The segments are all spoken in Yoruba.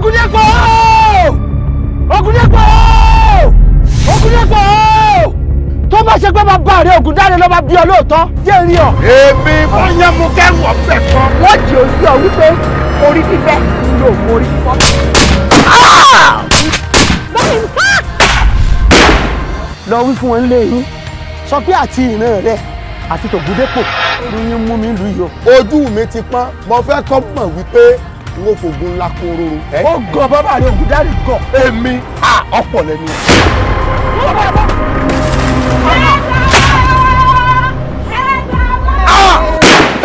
Ògúndépò Ògúndépò Ògúndépò tó bá ṣe pé bàbá rẹ Ògúndáre ló bá bí ọ lóòótọ́ jẹ́ rí ọ. èmi Ọ̀yẹ́mukẹ́ wọ̀ fẹ̀ kan. wọ́n jì ó sí ọ wípé orí fífẹ́ ni ò mórí fọ́. lọ wí fún wọn léyìn sọ pé àti ìran rẹ àti tògúndépò ló mú mi lù yìí o. ojú mi ti pọ́n mo fẹ́ kọ́ mọ̀ wípé n ó fogun ńlá kóró. ó gan bàbá rẹ ògùn dárí gan. èmi ọ̀pọ̀ lẹ́nu.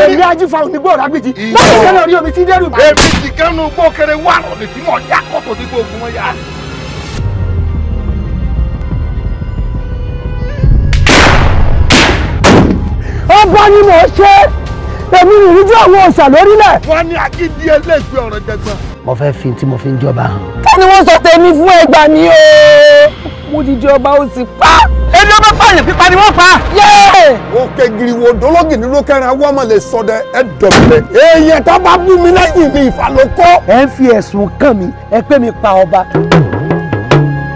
èmi ajífa onígbò rágbèjì báwo kẹ́ lọ rí omi tí dẹ́rù bá. èmi ti kẹ́nu gbọ́ kẹrẹ wà lọ́dẹ tí mo yá kọ́tọ̀ dípò ogun wọn yá. ọba ni mo ṣe èmi ìrújú àwọn òòṣà lórílẹ̀. wọ́n ní akíndí ẹlẹ́gbẹ́ ọ̀rọ̀ jẹgbẹ́. mo fẹ́ fi tí mo fi ń jọba hàn. ká ni wọ́n sọ tèmi fún ẹgbà ni o. mo ti jọba ó sì pa. ẹni ọba pààyàn pípa ni wọ́n pa. ó ké giri wo dológì nínú kẹrin awọ ọmọ lè sọ dẹ ẹ dọ̀bẹ̀lẹ̀. èèyàn tó bá bú mi lẹ́yìn mi ìfàlókọ́. ẹ ń fi ẹ̀sùn kàn mí ẹ pé mi pa ọba.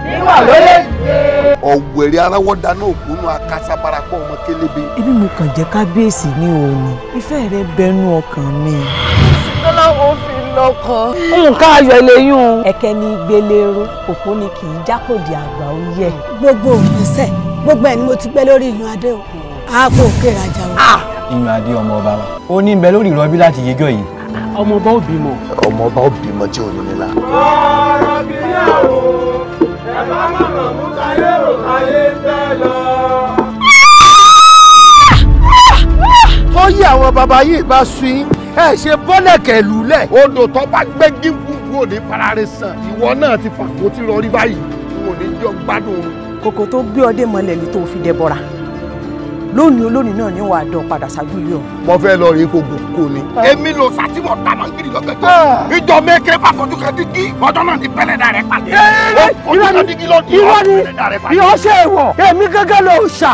nígbà lóye ọ̀wẹ̀rẹ̀ aráwọ̀dá náà ògbónú akasabarapọ̀ ọmọ kélébé. ibi mo kàn jẹ́ kábíyèsí ní òní ìfẹ́ rẹ bẹnu ọkàn mi. sísọ́lá wo fi lọ́kọ. nǹkan ayọ̀ eléyìí o. ẹ̀kẹ́ ni gbéléró òpó ni kì í jákòdì àgbà ó yẹ. gbogbo òfìsẹ́ gbogbo ẹ̀ ni mo ti gbẹ́ lórí ìlú adé o àápò òkè rajà o. Ah! ìyún adé ọmọ ọba wa ó ní bẹ lórí ìrọbí láti yẹjọ́ yìí. ọmọ ọba ò bímọ. ọmọ ọba ò bímọ tí ò ní nílà. ọ̀rọ̀ bíyàwó ẹ̀ bàbá yìí bá sun yín ẹ ṣe bọ́lẹ̀kẹ̀ lulẹ̀. odò tó bá gbẹ́gí gbùngbùn ò ní paraare sàn ìwọ náà ti fàkó tí rọrí báyìí kò ní jọ gbádùn. kòkò tó gbé ọdẹ mọ́lẹ̀ ló tó fi dẹbọra lónìí olónìí náà ni wàá dán padà ṣáájú ilé ọ. mo fẹ́ lọ rí kó gòkó ni. Ah. èmi ló sàtìmọ̀ dáná gidi lọ́gbẹ̀jọ́. Ah. ìjọ mẹ́kẹ́ bá fojú kan dígí. ọjọ́ náà ni pẹ́lẹ́dà rẹ̀ pàdé. ìrọ̀ ni ìrọ̀ ṣe é wọ̀ èmi gẹ́gẹ́ ló ń ṣà.